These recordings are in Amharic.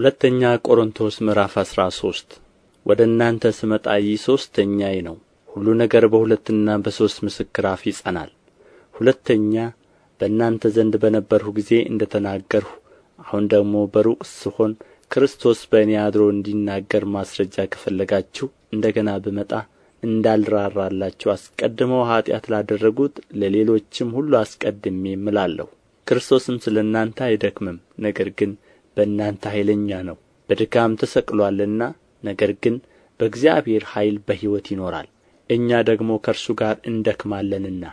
ሁለተኛ ቆሮንቶስ ምዕራፍ አስራ ሶስት ወደ እናንተ ስመጣ ይህ ሦስተኛዬ ነው። ሁሉ ነገር በሁለትና በሦስት ምስክር አፍ ይጸናል። ሁለተኛ በእናንተ ዘንድ በነበርሁ ጊዜ እንደ ተናገርሁ፣ አሁን ደግሞ በሩቅ ስሆን ክርስቶስ በእኔ አድሮ እንዲናገር ማስረጃ ከፈለጋችሁ እንደ ገና ብመጣ እንዳልራራላችሁ አስቀድመው ኀጢአት ላደረጉት ለሌሎችም ሁሉ አስቀድሜ እምላለሁ። ክርስቶስም ስለ እናንተ አይደክምም፣ ነገር ግን በእናንተ ኃይለኛ ነው በድካም ተሰቅሎአልና ነገር ግን በእግዚአብሔር ኃይል በሕይወት ይኖራል እኛ ደግሞ ከእርሱ ጋር እንደክማለንና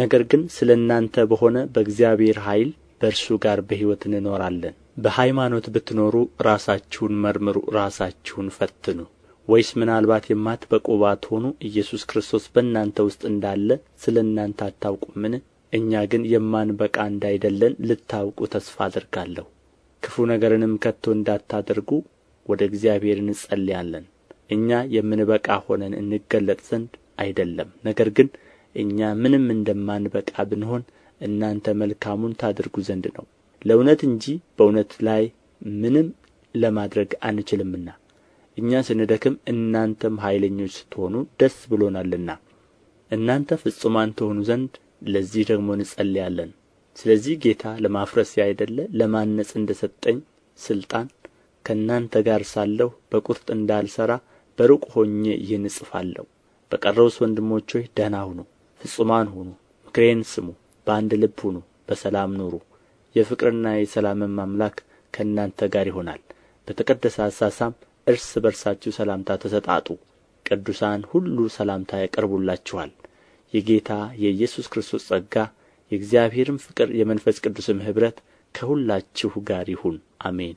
ነገር ግን ስለ እናንተ በሆነ በእግዚአብሔር ኃይል በእርሱ ጋር በሕይወት እንኖራለን በሃይማኖት ብትኖሩ ራሳችሁን መርምሩ ራሳችሁን ፈትኑ ወይስ ምናልባት የማትበቁ ባትሆኑ ኢየሱስ ክርስቶስ በእናንተ ውስጥ እንዳለ ስለ እናንተ አታውቁምን እኛ ግን የማንበቃ እንዳይደለን ልታውቁ ተስፋ አድርጋለሁ። ክፉ ነገርንም ከቶ እንዳታደርጉ ወደ እግዚአብሔር እንጸልያለን እኛ የምንበቃ ሆነን እንገለጥ ዘንድ አይደለም ነገር ግን እኛ ምንም እንደማንበቃ ብንሆን እናንተ መልካሙን ታደርጉ ዘንድ ነው ለእውነት እንጂ በእውነት ላይ ምንም ለማድረግ አንችልምና እኛ ስንደክም እናንተም ኃይለኞች ስትሆኑ ደስ ብሎናልና እናንተ ፍጹማን ትሆኑ ዘንድ ለዚህ ደግሞ እንጸልያለን ስለዚህ ጌታ ለማፍረስ ያይደለ ለማነጽ እንደ ሰጠኝ ሥልጣን ከእናንተ ጋር ሳለሁ በቁርጥ እንዳልሠራ በሩቅ ሆኜ ይህን እጽፋለሁ በቀረውስ ወንድሞች ሆይ ደህና ሁኑ ፍጹማን ሁኑ ምክሬን ስሙ በአንድ ልብ ሁኑ በሰላም ኑሩ የፍቅርና የሰላምም አምላክ ከእናንተ ጋር ይሆናል በተቀደሰ አሳሳም እርስ በርሳችሁ ሰላምታ ተሰጣጡ ቅዱሳን ሁሉ ሰላምታ ያቀርቡላችኋል የጌታ የኢየሱስ ክርስቶስ ጸጋ የእግዚአብሔርም ፍቅር የመንፈስ ቅዱስም ኅብረት ከሁላችሁ ጋር ይሁን አሜን